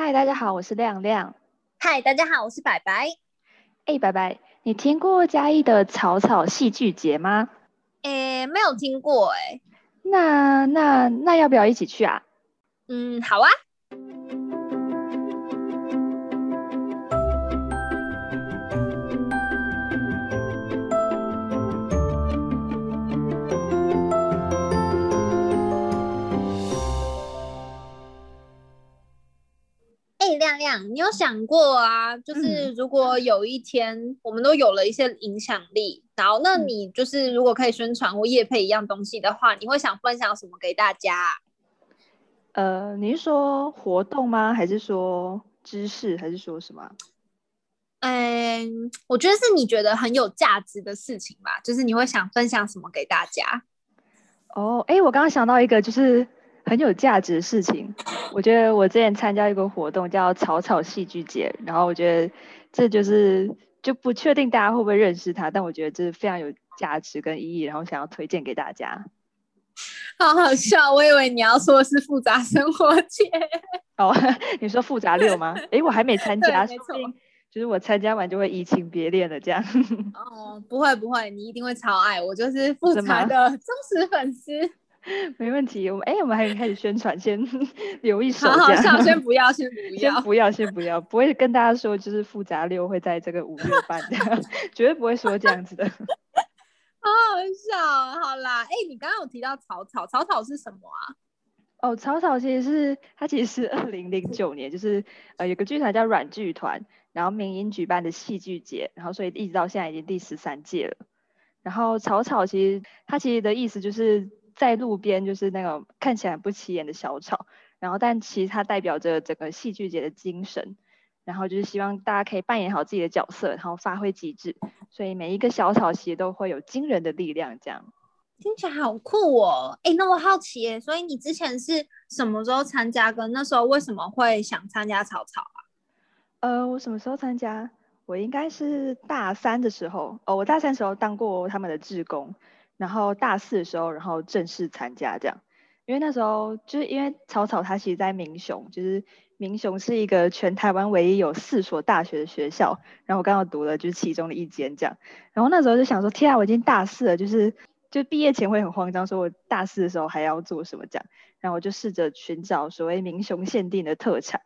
嗨，Hi, 大家好，我是亮亮。嗨，大家好，我是白白。哎、欸，白白，你聽過嘉義的草草戲劇節嗎？哎、欸，沒有聽過哎、欸。那那那要不要一起去啊？嗯，好啊。亮亮，你有想過啊？就是如果有一天我們都有了一些影響力，嗯、然後那你就是如果可以宣傳或業配一樣東西的話，你會想分享什麼給大家？呃，你說活動嗎？還是說知識？還是說什麼？嗯、欸，我覺得是你覺得很有價值的事情吧。就是你會想分享什麼給大家？哦，哎、欸，我剛剛想到一個，就是。很有價值的事情，我覺得我之前參加一個活動叫草草戲劇節，然後我覺得這就是，就不確定大家會不會認識他，但我覺得這是非常有價值跟意義，然後想要推薦給大家。好好笑，我以為你要說是複雜生活節。哦，你說複雜六嗎？哎、欸，我還沒參加。 對就是我參加完就會移情別戀的這樣。哦，不會不會，你一定會超愛我，我就是複雜的忠實粉絲。沒問題，我們哎、欸，我們還有開始宣傳，先留一手。好好笑，先不要，先不要，先不要，先不要，不會跟大家說就是複雜六會在這個五月半， 絕對不會說這樣子的。好好笑，好啦，哎、欸，你剛剛有提到草草，草草是什麼啊？哦，草草其實是它，其實是二零零九年，就是呃有個劇團叫阮劇團，然後民雄舉辦的戲劇節，然後所以一直到現在已經第十三屆了。然後草草其實它其實的意思就是。在路邊就是那種看起來不起眼的小草，然後但其實它代表着整個戲劇節的精神，然後就是希望大家可以扮演好自己的角色，然後發揮極致，所以每一個小草其實都會有驚人的力量。這樣聽起來好酷哦！誒，那我好奇耶，所以你之前是什麼時候參加？跟那時候為什麼會想參加草草啊？呃，我什麼時候參加？我應該是大三的時候，哦，我大三時候當過他們的志工。然後大四的時候，然後正式參加這樣，因為那時候就是因為草草他其實在民雄，就是民雄是一個全台灣唯一有四所大學的學校，然後我剛好讀了就是其中的一間這樣，然後那時候就想說，天啊，我已經大四了，就是就畢業前會很慌張，說我大四的時候還要做什麼這樣，然後我就試着尋找所謂民雄限定的特產，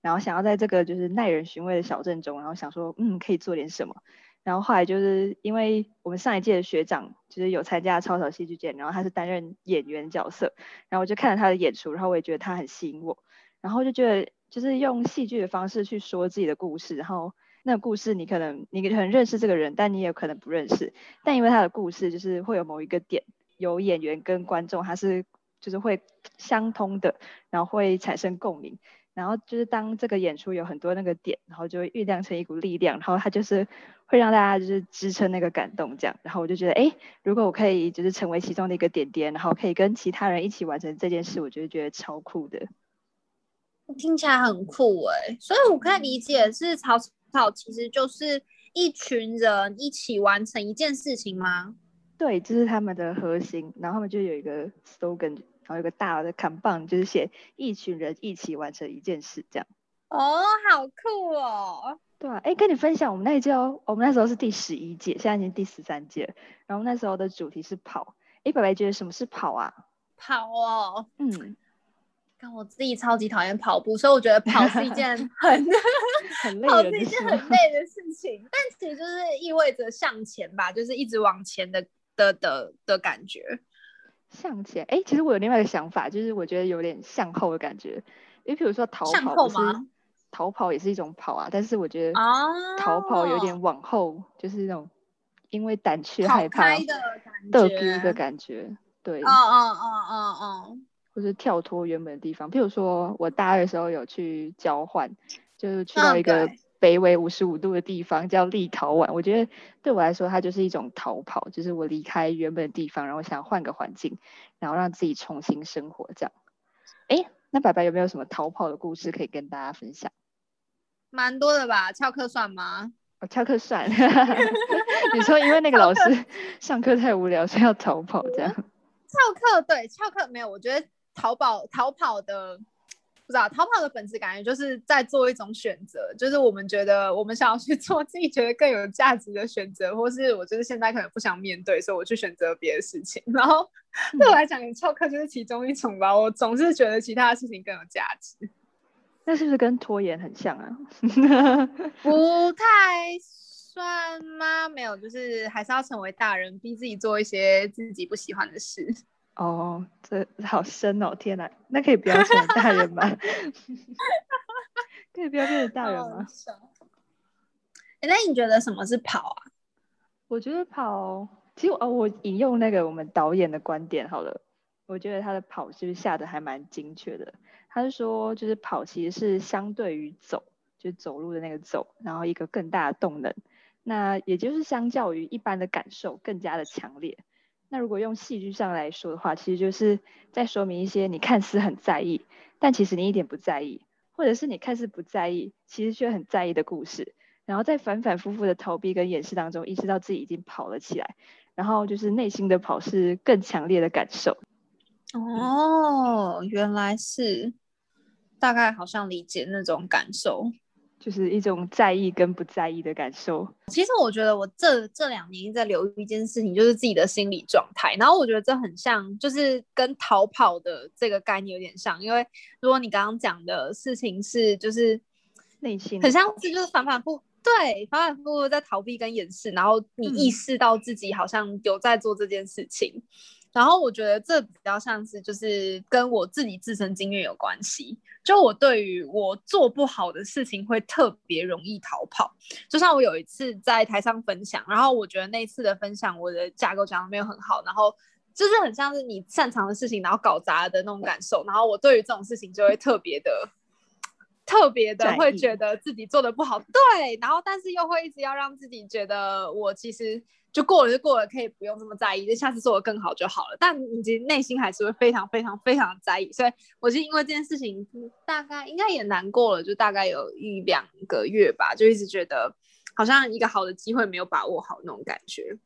然後想要在這個就是耐人尋味的小鎮中，然後想說，嗯，可以做點什麼。然後後來就是因為我們上一屆的學長就是有參加草草戲劇節，然後他是擔任演員角色，然後我就看了他的演出，然後我也覺得他很吸引我，然後就覺得就是用戲劇的方式去說自己的故事，然後那個故事你可能你很認識這個人，但你也可能不認識，但因為他的故事就是會有某一個點，有演員跟觀眾他是就是會相通的，然後會產生共鳴。然後就是當這個演出有很多那個點，然後就會醞釀成一股力量，然後他就是會讓大家就是支撐那個感動這樣。然後我就覺得，哎，如果我可以就是成為其中的一個點點，然後可以跟其他人一起完成這件事，我就覺得超酷的。聽起來很酷哎、欸，所以我可以理解是草草其實就是一群人一起完成一件事情嗎？對，這、就是他們的核心，然後他們就有一個 slogan。然後有一個大的扛棒，bang, 就是寫一群人一起完成一件事這樣。哦，好酷哦！對啊，哎，跟你分享我們那一屆哦，我們那時候是第十一屆，現在已經第十三屆了，然後那時候的主題是跑。哎，白白覺得什麼是跑啊？跑哦，嗯，但我自己超級討厭跑步，所以我覺得跑是一件很累的， 跑是一件很累的事情。但其實就是意味着向前吧，就是一直往前的的的的感覺。向前，哎、欸，其實我有另外一個想法，就是我覺得有點向後的感覺。因為比如說逃跑，逃跑也是一種跑啊，但是我覺得逃跑有點往後，oh, 就是那種因為膽怯害怕的感逗逼的感覺，對，啊啊啊啊啊，或是跳脫原本的地方。譬如說我大二的時候有去交換，就是去到一個。北緯五十五度的地方叫立陶宛，我覺得對我來說，它就是一種逃跑，就是我離開原本的地方，然後想換個環境，然後讓自己重新生活這樣。誒，那白白有沒有什麼逃跑的故事可以跟大家分享？蠻多的吧，翹課算嗎？哦，翹課算。 你說因為那個老師上課太無聊， 所以要逃跑這樣？翹課對，翹課沒有，我覺得逃跑逃跑的。知道逃跑的本質感覺就是在做一種選擇，就是我們覺得我們想要去做自己覺得更有價值的選擇，或是我就是現在可能不想面對，所以我去選擇別的事情。然後、嗯、對我來講，翹課就是其中一種吧。我總是覺得其他的事情更有價值。那是不是跟拖延很像啊？不 太算嗎？沒有，就是還是要成為大人，逼自己做一些自己不喜歡的事。哦，這、oh, 好深哦！天啊，那可以不要成大人嗎？ 可以不要變成大人嗎？oh, so.？哎，那你覺得什麼是跑啊？我覺得跑，其實哦，我引用那個我們導演的觀點好了。我覺得他的跑是不是下得還蠻精確的？他是說，就是跑其實是相對於走，就是走路的那個走，然後一個更大的動能。那也就是相較於一般的感受更加的強烈。那如果用戲劇上來說的話，其實就是在說明一些你看似很在意，但其實你一點不在意，或者是你看似不在意，其實卻很在意的故事。然後在反反復復的逃避跟演示當中，意識到自己已經跑了起來，然後就是內心的跑是更強烈的感受。哦，嗯、原來是大概好像理解那種感受。就是一種在意跟不在意的感受。其實我覺得我這這兩年在留意一件事情，就是自己的心理狀態。然後我覺得這很像，就是跟逃跑的這個概念有點像。因為如果你剛剛講的事情是，就是內心很像是就是反反復對，反反復復在逃避跟掩飾，然後你意識到自己好像有在做這件事情。嗯然後我覺得這比較像是，就是跟我自己自身經驗有關係。就我對於我做不好的事情，會特別容易逃跑。就像我有一次在台上分享，然後我覺得那次的分享，我的架構講的沒有很好，然後就是很像是你擅長的事情，然後搞砸的那種感受。然後我對於這種事情就會特別的。 特別的，會覺得自己做的不好，意對，然後但是又會一直要讓自己覺得，我其實就過了就過了，可以不用這麼在意，就下次做的更好就好了。但其實內心還是會非常非常非常在意，所以我就因為這件事情，大概應該也難過了，就大概有一兩個月吧，就一直覺得好像一個好的機會沒有把握好那種感覺。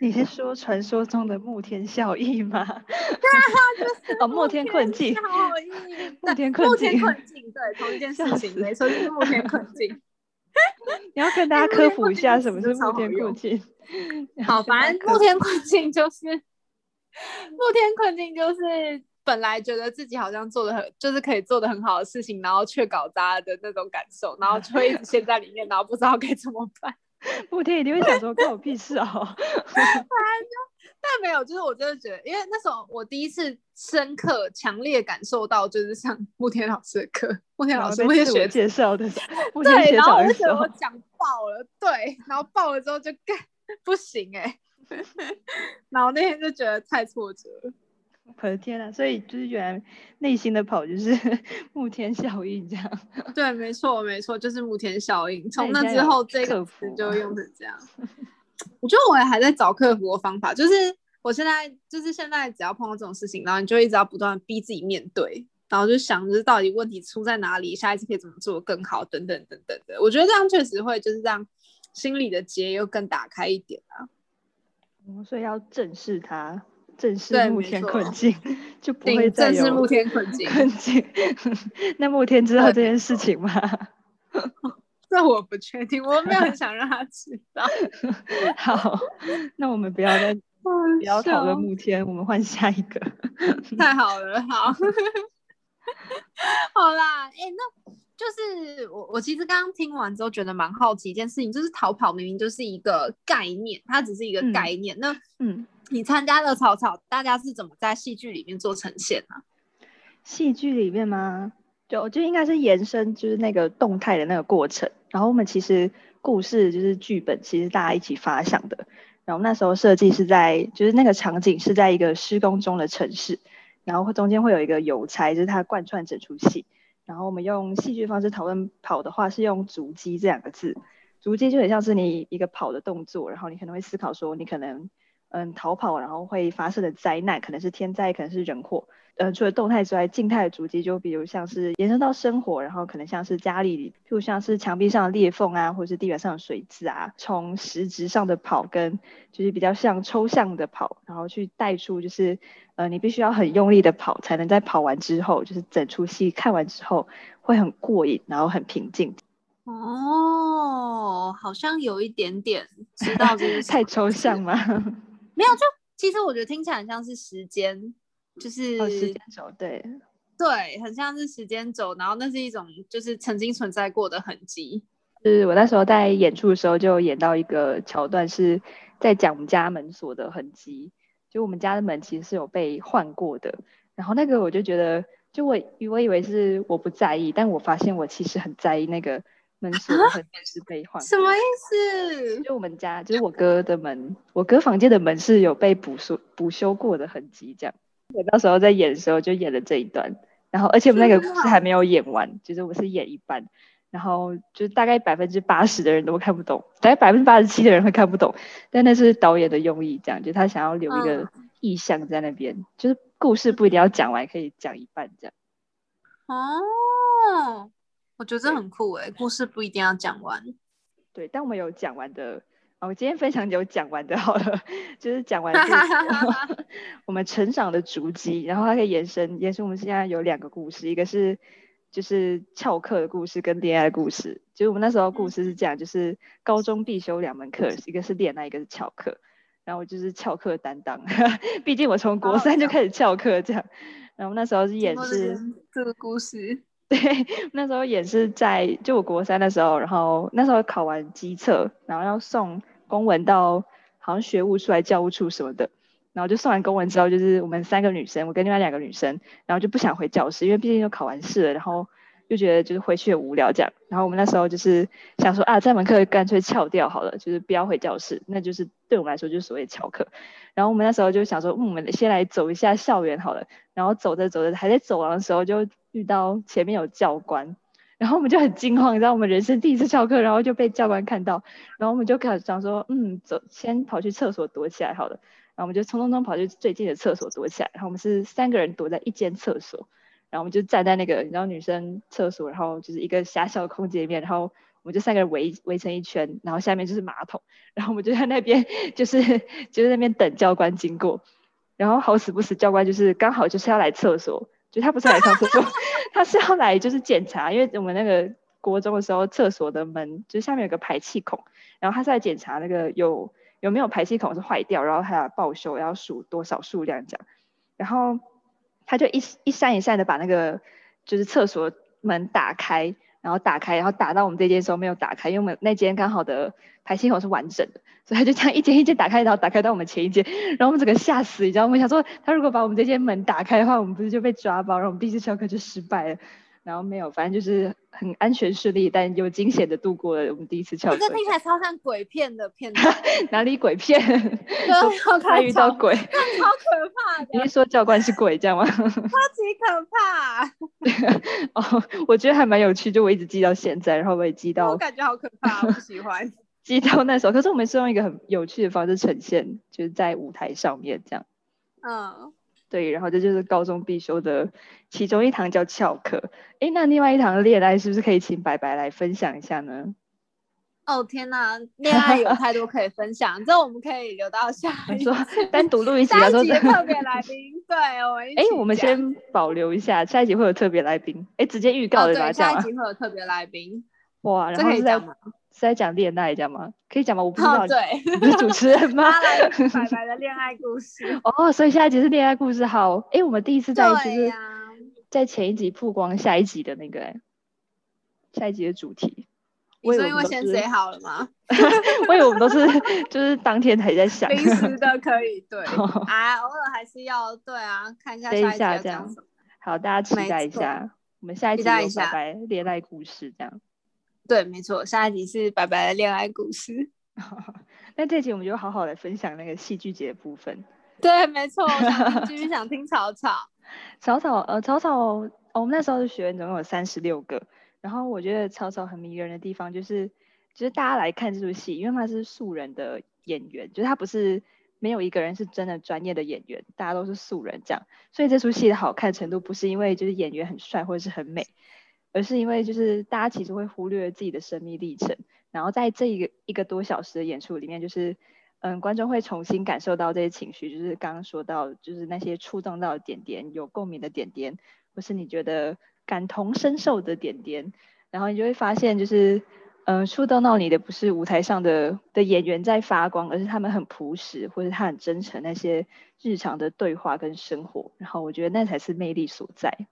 你是說傳說中的“暮天效益效應”嗎？對啊，就是哦，暮天困境，暮 天困境。 天 對，同一件事情沒，沒錯死，就是露天困境。 你要跟大家科普一下什麼是露天困境好。好，反正露天困境就是露天 困境就是本來覺得自己好像做的很，就是可以做的很好的事情，然後卻搞砸的那種感受，然後就會一直陷在裡面， 然後不知道該怎麼辦。慕天一定會想說關我屁事啊！ 但沒有，就是我真的覺得，因為那時候我第一次深刻、強烈感受到，就是上慕天老師的課。慕天老師，慕 天學姐說的。對，然後覺得我講爆了，對，然後爆了之後就幹不行哎、欸， 然後那天就覺得太挫折了。我的天吶、啊，所以就是原來內心的跑就是慕天效應這樣。對，沒錯沒錯，就是慕天效應。從那之後，啊、這個詞就用成這樣。我覺得我也還在找克服的方法，就是我現在就是現在，只要碰到這種事情，然後你就一直要不斷逼自己面對，然後就想着到底問題出在哪裡，下一次可以怎麼做更好，等等等等的。我覺得這樣確實會就是讓心裡的結又更打開一點啊。嗯、所以要正視它。正視目前困境，就不會再有目前困境。困境， 那慕天知道這件事情嗎？ 這我不確定，我沒有很想讓他知道。 好，那我們不要再 不要討論慕天，我們換下一個。 太好了，好， 好啦，哎、欸，那就是我，我其實剛剛聽完之後覺得蠻好奇一件事情，就是逃跑明明就是一個概念，它只是一個概念，那嗯。那嗯你參加了草草，大家是怎麼在戲劇裡面做呈現呢、啊？戲劇裡面嗎？就就應該是延伸，就是那個動態的那個過程。然後我們其實故事就是劇本，其實大家一起發想的。然後我們那時候設計是在，就是那個場景是在一個施工中的城市。然後中間會有一個郵差，就是它貫穿整齣戲。然後我們用戲劇方式討論跑的話，是用“足跡”這兩個字，“足跡”就很像是你一個跑的動作。然後你可能會思考說，你可能。嗯，逃跑然後會發生的災難，可能是天災，可能是人禍。嗯，除了動態之外，靜態的足跡，就比如像是延伸到生活，然後可能像是家裡，裡，就像是牆壁上的裂縫啊，或者是地板上的水漬啊。從實質上的跑，跟就是比較像抽象的跑，然後去帶出就是，呃，你必須要很用力的跑，才能在跑完之後，就是整出戲看完之後會很過癮，然後很平靜。哦，好像有一點點知道，就是太抽象嗎？沒有，就其實我覺得聽起來很像是時間，就是、哦、時間軸，對對，很像是時間軸。然後那是一種就是曾經存在過的痕跡。就是我那時候在演出的時候，就演到一個橋段是在講我們家門鎖的痕跡，就我們家的門其實是有被換過的。然後那個我就覺得，就我我以為是我不在意，但我發現我其實很在意那個。門鎖和電是被換，什麼意思？就我們家，就是我哥的門，我哥房間的門是有被補修、補修過的痕跡。這樣，我到時候在演的時候就演了這一段。然後，而且我們那個故事還沒有演完，是嗎就是我是演一半，然後就大概百分之八十的人都會看不懂，大概百分之八十七的人會看不懂。但那是導演的用意，這樣就是、他想要留一個意象在那邊，啊、就是故事不一定要講完，可以講一半這樣。啊。我覺得這很酷，哎、欸，對故事不一定要講完，對，但我們有講完的，喔、我今天非常有講完的，好了，就是講完 我們成長的足迹，然後還可以延伸延伸。我們現在有兩個故事，一個是就是翹課的故事跟戀愛故事。就是我們那時候的故事是這樣，嗯、就是高中必修兩門課，一個是戀愛，一個是翹課，然後我就是翹課擔當，畢 竟我從國三就開始翹課這樣。好好，然後我們那時候是演示這、這個故事。對，那時候也是在就我國三的時候，然後那時候考完基測，然後要送公文到好像學務處、教務處什麼的，然後就送完公文之後，就是我們三個女生，我跟另外兩個女生，然後就不想回教室，因為畢竟又考完試了，然後就覺得就是回去也無聊這樣，然後我們那時候就是想說啊，這門課乾脆翹掉好了，就是不要回教室，那就是對我們來說就是所謂的翹課，然後我們那時候就想說，嗯，我們先來走一下校園好了，然後走着走着，還在走廊的時候就。遇到前面有教官，然後我們就很驚慌，你知道我們人生第一次翹課，然後就被教官看到，然後我們就開始想說，嗯，走，先跑去廁所躲起來好了。然後我們就冲冲衝跑去最近的廁所躲起來。然後我們是三個人躲在一間廁所，然後我們就站在那個你知道女生廁所，然後就是一個狹小的空間裡面，然後我們就三個人圍圍成一圈，然後下面就是馬桶，然後我們就在那邊就是就是在那邊等教官經過。然後好死不死，教官就是剛好就是要來廁所。就他不是來上廁所，他是要來就是檢查，因為我們那個國中的時候，廁所的門就下面有個排氣孔，然後他是來檢查那個有，有沒有排氣孔是壞掉，然後他要報修，要數多少數量這樣，然後他就一一扇一扇的把那個就是廁所門打開。然後打開，然後打到我們這間時候沒有打開，因為我們那間剛好的排氣孔是完整的，所以他就這樣一間一間打開，然後打開到我們前一間，然後我們整個嚇死你，你知道嗎？我想說他如果把我們這間門打開的話，我們不是就被抓包，然後我們第一次小課就失敗了。然後沒有，反正就是很安全順利、但又驚險的度過了我們第一次跳。我聽起來超像鬼片的片段， 哪裡鬼片？好怕， 啊、遇到鬼，呵呵超，超可怕的。你說教官是鬼這樣嗎？ 超級可怕、啊。 哦，我覺得還蠻有趣，就我一直記到現在，然後我也記到。哦、我感覺好可怕、啊，我不喜歡。 記到那時候，可是我們是用一個很有趣的方式呈現，就是在舞台上面這樣。嗯。對，然後這就是高中必修的其中一堂叫翹課。哎，那另外一堂的戀愛是不是可以請白白來分享一下呢？哦天哪，戀愛有太多可以分享， 這我們可以留到下一集單獨錄一 下說特別來賓，對、哦、我哎，我們先保留一下，下一集會有特別來賓。哎，直接預告了大、哦、下一集會有特別來賓。哇，這可以講嗎？是在講戀愛，這樣嗎？可以講嗎？我不知道，oh, 對，你是主持人嗎？小 白,白的戀愛故事哦， oh, 所以下一集是戀愛故事，好。哎、欸，我們第一次在一起，對在前一集曝光下一集的那個、欸，下一集的主題，是因為先寫好了嗎？我以為我們都是, 們都是就是當天還在想，臨 時的可以對，哎、 啊，偶爾還是要對啊，看一下下一集講什麼。好，大家期待一下，nice、to 我們下一集有小白戀愛故事這樣。對，沒錯，下一集是白白的戀愛故事哦。那這集我們就好好來分享那個戲劇節的部分。對，沒錯，這邊想， 想聽草草。草草，呃，草草，哦，我們那時候的學員總共有三十六個。然後我覺得草草很迷人的地方就是，就是大家來看這出戲，因為他是素人的演員，就是他不是沒有一個人是真的專業的演員，大家都是素人這樣，所以這出戲的好看程度不是因為就是演員很帥或者是很美。而是因為，就是大家其實會忽略自己的生命歷程，然後在這一個一個多小時的演出裡面，就是，嗯，觀眾會重新感受到這些情緒，就是剛剛說到，就是那些觸動到點點有共鳴的點點，或是你覺得感同身受的點點，然後你就會發現，就是，嗯，觸動到你的不是舞台上的的演員在發光，而是他們很樸實，或是他很真誠，那些日常的對話跟生活，然後我覺得那才是魅力所在。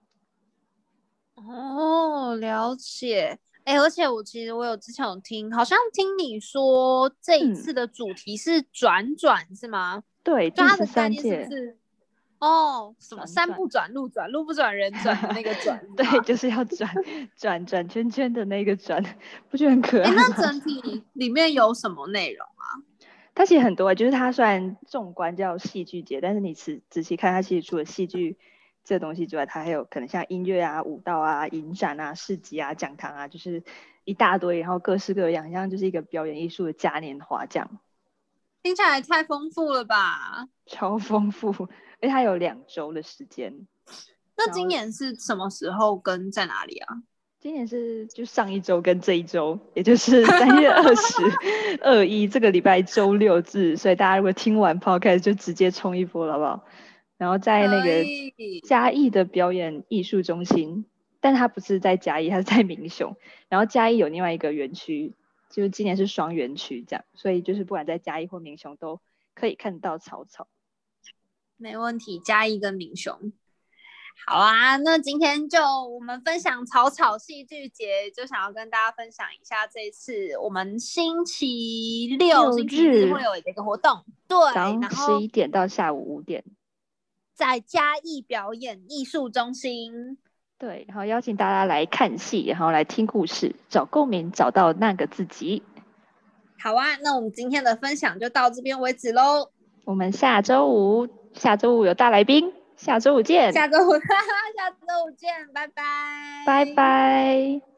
哦，了解。哎、欸，而且我其實我有之前有聽，好像聽你說這一次的主題是轉轉、嗯、是嗎？對，抓的是是三件事。哦，什麼轉轉山不轉路轉路不轉人轉那個轉？ 嗎對，就是要轉轉轉圈圈的那個轉，不覺得很可愛嗎、欸？那整體裡面有什麼內容啊？ 它其實很多、欸，就是它雖然縱觀叫戲劇節，但是你仔仔細看，它其實除了戲劇。這東西之外，它還有可能像音樂啊、舞蹈啊、影展啊、市集啊、講堂啊，就是一大堆，然後各式各樣，好像就是一個表演藝術的嘉年華獎。聽起來太豐富了吧？超豐富，因為它有兩周的時間。那今年是什麼時候跟在哪裡啊？今年是就上一周跟這一周，也就是三月二十 二一這個禮拜周六至，所以大家如果聽完 Podcast 就直接衝一波了，好不好？然後在那個嘉義的表演藝術中心，可以。但他不是在嘉義，他是在民雄。然後嘉義有另外一個園區，就是今年是雙園區這樣，所以就是不管在嘉義或民雄都可以看到草草。沒問題，嘉義跟民雄。好啊，那今天就我們分享草草戲劇節，就想要跟大家分享一下這一次我們星期六、六日，星期日會有一個活動，對，然後十一點到下午五點。在嘉義表演藝術中心，對，然後邀請大家來看戲，然後來聽故事，找共鳴，找到那個自己。好啊,那我們今天的分享就到這邊為止嘍。我們下週五，下週五有大來賓，下週五見，下週五，哈哈，下週五見，拜拜，拜拜。